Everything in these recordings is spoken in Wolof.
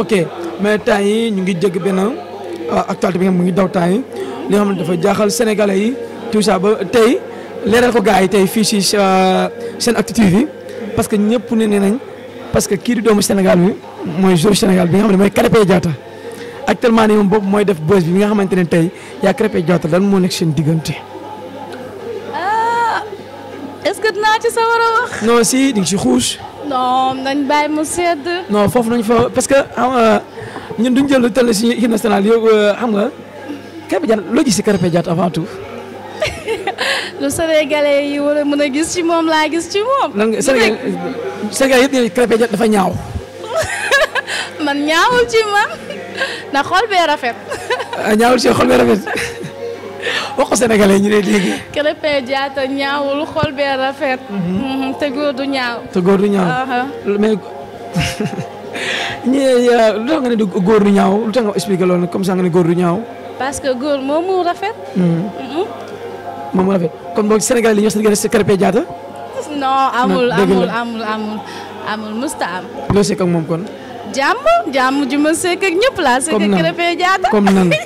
ok mais temps yi ñu ngi jégg benn euh, actualité bi nga mu ngi daw temps yi xam ne dafa jaaxal sénégalais yi tout ça ba tey leeral ko gars yi tey fii si euh, seen activité yi parce que ñëpp ne nañ parce que kii di doomu Sénégal bi mooy jour Sénégal bi nga xam ne mooy Krépin Diatta actuellement nii moom boobu mooy def buzz bi nga xamante ne tey yaa Krépin Diatta lan moo nekk seen diggante. ah dinaa ci sawar a wax. non si di si xuus. non nañ bàyyi mu sedd. non foofu nañ fa parce que xam ah, ñun duñ jël télé si équipe nationale yow euh, xam nga Krépin Diatta loo gis si Krépin Diatta avant tout. lu Sénégalais yi war a mën a gis ci moom laa gis ci moom. lan nga Sénégal Sénégal yëpp ne Krépin Diatta dafa ñaaw. man ñaawul ci man na xol bee rafet. Ah, ñaawul ci xol bee rafet. wax ko ñi ñu lay dégg. Krépin Diatta ñaawul xol bee rafet. Mhm, te góor du ñaaw. te góor du ñaaw. Euh, lu tax nga ne góor du ñaaw comme ça nga ne góor du ñaaw. parce que góor moom rafet. Mhm. Mhm. moom mu rafet kon boog Sénégal li ñu wax Sénégal si Krépin non amul amul amul amul amul musta am. loo sekk moom kon. jàmm jàmm ju ma ñëpp laa. sekk Krépin Diatta comme nan.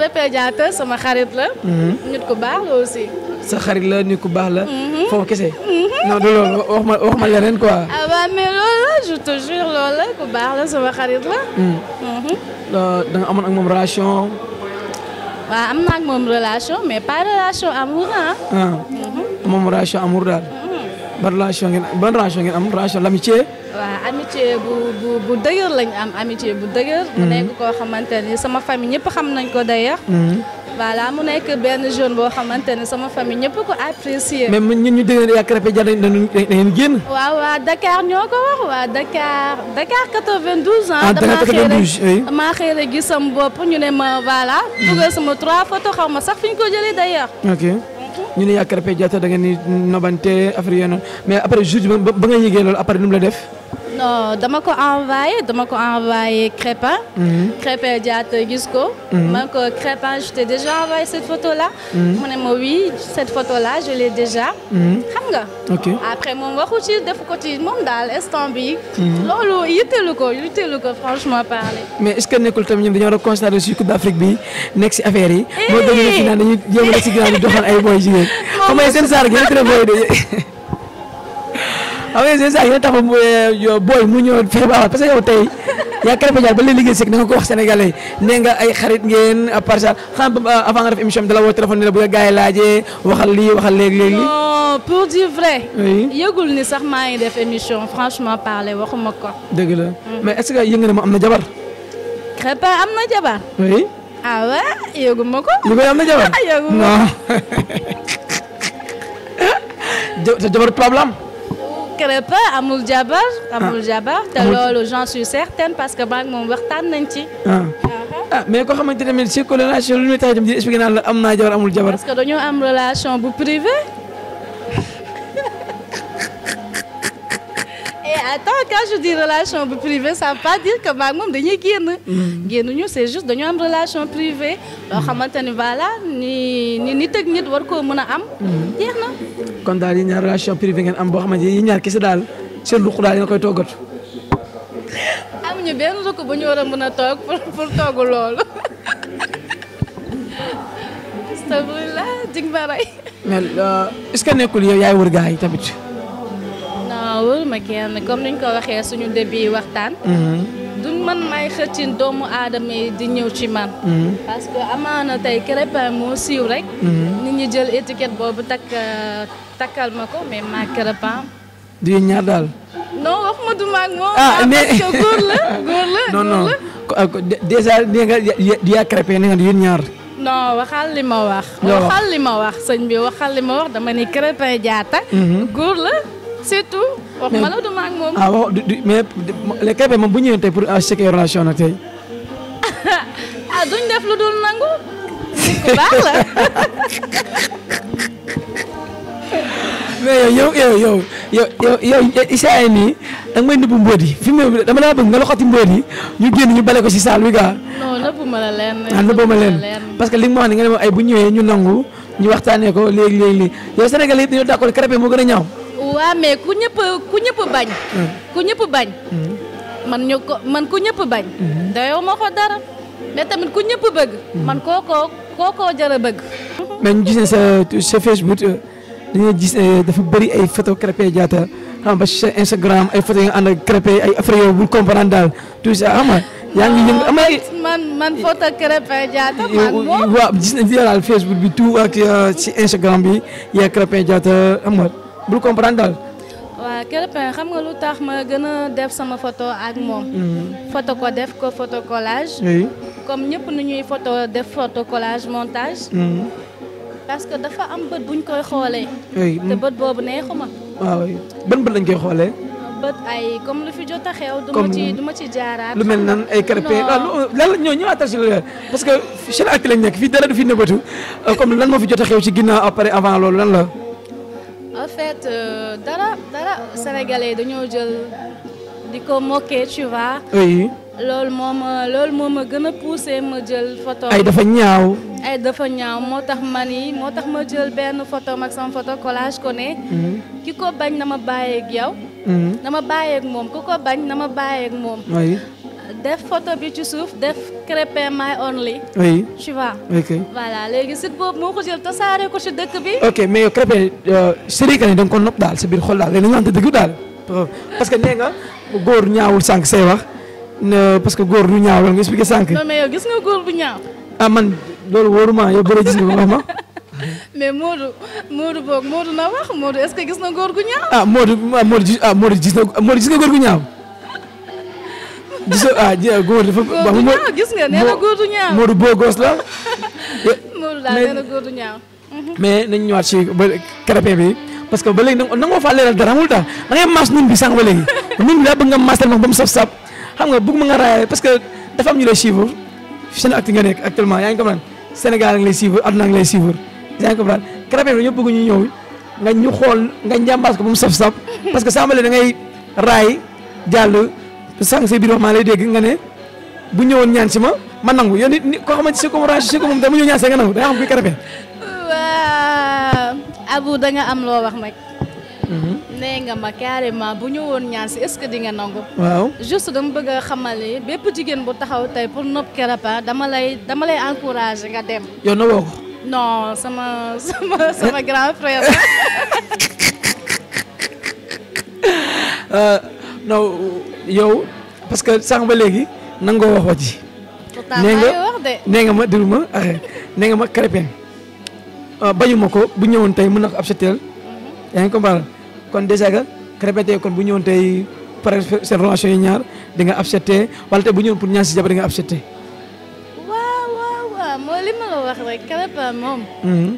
la Pédiatre sama xarit la. Mhm. nit ku baax la aussi. sa xarit la nit ku baax la. Mhm. foofu kese. Mhm. non du loolu wax ma leneen quoi. ah waaw mais loolu la je te jure la ku baax la sama xarit la. da nga amoon ak moom relation. waaw am naa ak moom relation mais pas relation amour ah. moom relation amour daal. ban relation ngeen ban relation ngeen am relation l'amitié. waaw amitié bu bu bu dëgër lañ am amitié bu dëgër. mu hmm. nekk koo xamante ni sama famille ñëpp xam nañ ko d'ailleurs. Hmm. voilà mu nekk benn jeune boo xamante ne sama famille ñëpp ko apprécier. mais ñun ñu dégg yaa CREPES jar nañu da ngeen génn. waaw waa Dakar ñoo ko wax waa Dakar Dakar 92 ans. ah Dakar 92 oui damaa xëy rek damaa xëy rek gis sama bopp ñu ne ma voilà. Hmm. dugal sama trois photos xaw ma sax fi ñu ko jëlee d'ailleurs. ok. ñu ne yaa Krépin Diatta da ngeen ni nobante affaire yooyu noonu mais après juge ba ba nga loolu après nu la def. non dama ko envoyé dama ko envoyé Crépin. Mhm. Crépin Diatta gis ko. Mhm. ma ko Crépin je t'ai déjà envoyé cette photo là. Mhm. mu ne ma oui cette photo là je l'ai déjà. xam nga. ok après moom waxu ci def ko ci moom daal instant bi loolu yitteelu ko yitteelu ko franchement parler. mais est ce que nekkul tamit ñun dañoo war a constater aussi Coupe d'Afrique si affaire yi. moo doon ñu eh! fi naan dañuy jéem a nekk si ginnaaw di doxal ay booy jigéen. moom mooy seen saar gi rek la booy de. xam nga c'est ça yéen tax euh, booy mu ñëw feebar parce que yow tey yaa Krépin Diatta ba léegi liggéey sëg na nga ko wax sénégalais nee nga ay xarit ngeen à part ça xam euh, avant nga def émission bi dala woo téléphone ni la bu la gars yi laajee waxal lii waxal léegi léegi. non pour dire vrai. yëgul ni sax maa ngi def émission franchement parler waxuma ko. dëgg mm. mais est-ce que yëngu ne mu am na jabar. Krépin am na jabar. oui. ah ouais yëguma ko. lu koy am na jabar ah, non. jabar Krépin amul jabar amul ah. jabar te loolu j'en suis certaine parce que maa ngi moom waxtaan nañ ci. Ah. ah mais koo xamante ne si relation lu muy tax a dem expliqué naan la am naa jabar amul jabar. parce que dañoo am relation bu privé attends quand je dis relation bu privée ça veut pas dire que maag moom dañuy génn. Mm. génnuñu c' est juste dañu am relation privée. loo xamante ni voilà ni ni nit ak nit war koo mën a am. Mm. jeex na. kon daal yi ñaar relation privée ngeen am boo xamante ni yi ñaar kese daal seen ruq daal ngeen koy toggatu. amuñu benn ruq bu ñu war a mën a toog pour pour loolu. astafurlah dig ma rey. mais euh, est ce que nekkul yow yaay wër gaa yi tamit. wër ma kenn comme ni ñu ko waxee suñu début waxtaan. Mhm. du man may xëccin doomu aadama yi di ñëw ci man. Mhm. parce amaana tey Krépin moo siiw rek. Mhm. nit ñi jël étiquette boobu takk takkal ma ko mais maa Krépin. du yéen ñaar daal. non wax ma du maag moom. Ah, ah mais parce que góor la góor la. non ah, nee nga yaa Krépin nee nga yéen ñaar. non waxal li ma wax. waxal li ma wax sëñ bi waxal li ma wax dama ni Krépin Diatta. góor la. surtout wax ma la du ma ak moom. ah waaw mais Kébé moom bu pour checker relation na tey. ah duñ def lu dul nangu. ku baax la. mais yow yow yow yow yow yow Issa yi yi fi ñu génn ñu bale ko si saal wi gaa. non nëbbu ma la leen. ah nëbbu ma leen parce que li nga wax ni nga ay bu ñëwee ñu nangu ñu waxtaanee ko léegi léegi léegi yow senegal yëpp dañoo d'accord Krépin moo gën a ñaw waa mais ku ñëpp ku ñëpp bañ. ku ñëpp bañ. man ko man ku ñëpp bañ. dayoo ko dara mais tamit ku ñëpp bëgg. man kookoo kookoo jara bëgg. mais sa sa Facebook euh, dañuy gis dafa bëri ay photo Krépin Diatta xam ba sa Instagram ay photo yi nga ànd ay affaire yow bul comprendre daal tout ça xam nga yaa ngi yëngu am man man photo Krépin Diatta man moom waaw daal Facebook bi tout ak euh, ci Instagram bi yaa Krépin Diatta xam bul comprendre daal. waaw Krépin xam nga lu tax ma gën a def sama photo ak moom. Mhm. photo ko def ko photo collage. comme ñëpp nu ñuy photo def photo collage montage. Mhm. parce que dafa am bët buñ koy xoolee. te bët boobu neexuma. waaw ah ban bët lañ koy xoolee. bët ay comme lu fi jot a xew. du ma ci du ma ci jaaraat. lu mel nan ay Krépin ah, lan la ñoo ñëw attaché parce que chaîne acte lañ nekk fii dara du fi nëbëtu euh, comme lan moo fi jot a xew ci ginnaaw après avant loolu lan la. en fait euh, dara dara sénégalais dañoo jël di ko moquer tu vois. loolu moom ma loolu moo ma gën a poussé ma jël photo. ay dafa ñaaw. ay dafa ñaaw moo tax ma yi moo tax ma jël benn photo ak sama photo collage ko ne. Mhm. ki ko bañ na ma bàyyeek yow. Mhm. na ma bàyyeek moom ku ko bañ na ma bàyyeeg moom. def photo bi ci suuf def crépin my only. oui tu léegi site boobu moo ko jël tasaare ko ci dëkk bi. ok mais yow crépin euh, Sénégal yi da nga ko nopp daal si xol daal léegi nga xam daal. Oh, parce que nee nga góor ñaawul sànq say wax parce que góor du ñaaw loolu expliqué sànq. mais yow gis nga góor bu ñaaw. ah man loolu wóoruma yow bëri gis nga gis na góor gu ñaaw. ah Modou ah, ah gis nga góor gu ñaaw. gisoo ah, ah góor dafa. góor ñaaw gis nga nee na góor du ñaaw boo gos la. Modou daal nee na ci ba bi parce que ba léegi na nga faa leeral dara amul da ngay maas nun bi sànq ba léegi nun bi daa bëgg nga maas tel moom mu saf sap xam nga bëgg ma nga raayaale parce que dafa am ñu lay suivre seen acte nga nekk actuellement yaa ngi a ngi lay suivre a ngi lay suivre yaa ngi ñu ñëw nga ñu xool nga njàmbaas ko ba mu saf da ngay raay jàll sànq say biir wax maa lay dégg nga ne bu ñëwoon ñaan si ma ma nangu yow nit ni koo xamante si si ko moom dama ñëw ñaan si nga nangu da xam kuy karafe. waaw Abou da am loo wax nag. Mhm. nee nga ma carrément bu woon ñaan si est-ce que di nga nangu. waaw juste dama bëgg a xamal bépp jigéen bu taxaw tey pour nopp Kérépin dama lay dama lay encouragé nga dem. yow na woo ko. non sama sama sama grand frère. Euh, non yow parce que sànq ba léegi nangoo wax wax ji. nee nga nee nga ma déglu ma arrêté nee nga ma Krépin ah, bañu ma ko bu ñëwoon tey mën na ko accepter mhm. yaa ngi comprendre kon déjà que Krépin tey kon bu ñëwoon tey par seen relation yi ñaar di nga accepter wala tey bu ñëwoon pour ñaar si jabar di nga accepter. waaw waaw moo li wax rek Krépin moom. Mhm.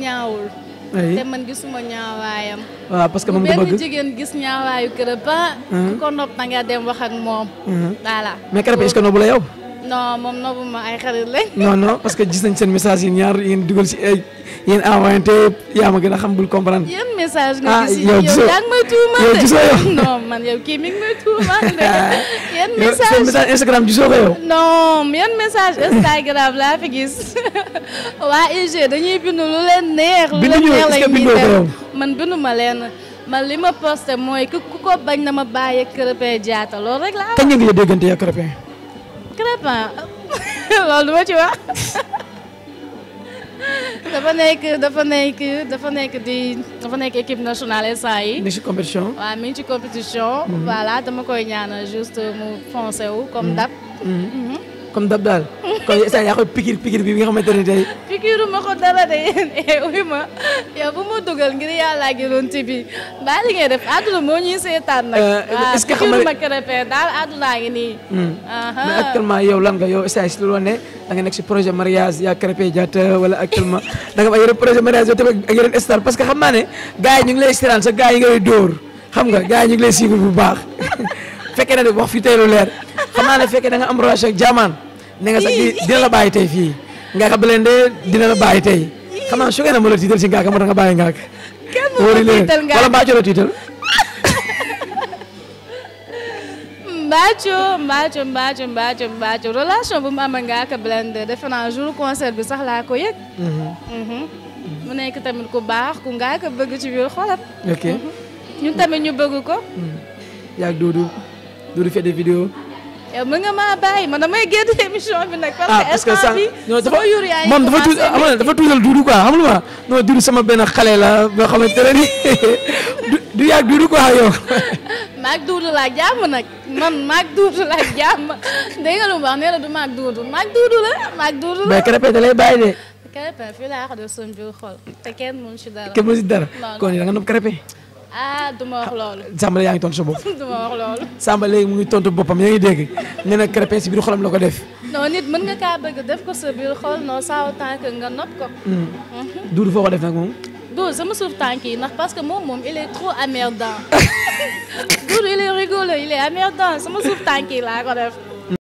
ñaawul. te man gisuma ñaawaayam. waaw parce que moom bëgg benn jigéen gis ñaawaayu Krépin. ku ko nopp na dem wax ak moom. voilà mais Krépin est-ce que nobbu la yow. non moom noobu ma ay xarit lañ. non non parce que gis nañ seen message yi ñaar yéen dugal si ay eh, yéen envoyé te yaa ma gën a xam bul comprendre. yan message nga ah, gis yow yaa ngi may tuumaal yow gisoo yow non man yow kii mi ngi may tuumaal yan message seen message Instagram gisoo ko yow. non yan message Instagram laa fi gis waa IG dañuy bind lu leen neex. lu leen neex la ñuy def man bindu ma leen. man li ma posté mooy ku ko bañ na ma bàyyi Krépin Diatta loolu rek laa. kañ nga déggante yow Krépin crépin loolu du ma ci wax dafa nekk dafa nekk dafa nekk di dafa nekk équipe nationale instant yi mi ngi ci compétition waaw mhm. mi ngi ci compétition voilà dama koy ñaanal juste mu foncé wu comme mhm. dab mhm. comme dab daal kon sa yaa koy pikir pikir bi nga xamante ne tey pikiru ma ko dara de yéen eh, uy ma yow bu dugal ngir yàllaa gi loon ci bi baa li def àdduna moo ñuy seetaan nag a euh, ce ah, que xam nga ma crépé daal àdduna ngi nii hmm. mais actuellement yow lan nga yow stage si loolu ne da nga si projet mariage yaa crépé jaata wala actuellement da nga am ay projet mariage yow tamit ak yeneen star parce que xam naa ne gars yi ñu ngi lay yi ngay dóor xam nga gars yi ñu ngi lay suivre bu baax fekkee ne de wax fi tey lu leer xam naa ne fekkee da am relation ak jaamaan ne nga sax dina la bàyyi tey fii Ngaaka Blindé dina la bàyyi tey xam naa choqué na ma la tiital si Ngaaka moo tax nga bàyyi Ngaaka. kenn moo la jour concert bi sax laa ko yëg. Mhm. Mhm. mu nekk tamit ku baax ku Ngaaka bëgg ci biir xolam. ok mhm. ñun tamit ñu bëgg ko. yaa Doudou fait des vidéos. yow mën nga maa bàyyi man damay génn émission bi nag. parce que ah, instant bi dafa moom dafa tuuti amoon dafa tuutal Doudou quoi xam nga non Doudou sama benn xale la nga xamante ne nii du du yàgg Doudou quoi yow. maag Doudou laa jàmm nag man maag Doudou laa jàmm dégg nga lu ma wax nee na du maag Doudou maag Doudou la maag Doudou la. mais Krépin da lay bàyyi de. Krépin fii laa wax de son biir xol te kenn mënu si dara. kenn mënu si dara kon da nga nopp Krépin. ah du ma wax loolu. Ah, Samba yaa ngi tontu sa bopp. du ma léegi mu ngi tontu boppam yaa ngi dégg nee na crépin si biir xolam la ko def. non nit mën nga kaa bëgg def ko sa biir xol non saa nga nopp ko. Hmm. Mhm. Doudou foo ko def nag moom. Doudou sama suuf tànk yi ndax parce que moom moom il est trop amerdant Doudou il est rigolo il est amerdant sama suuf tànk laa ko def.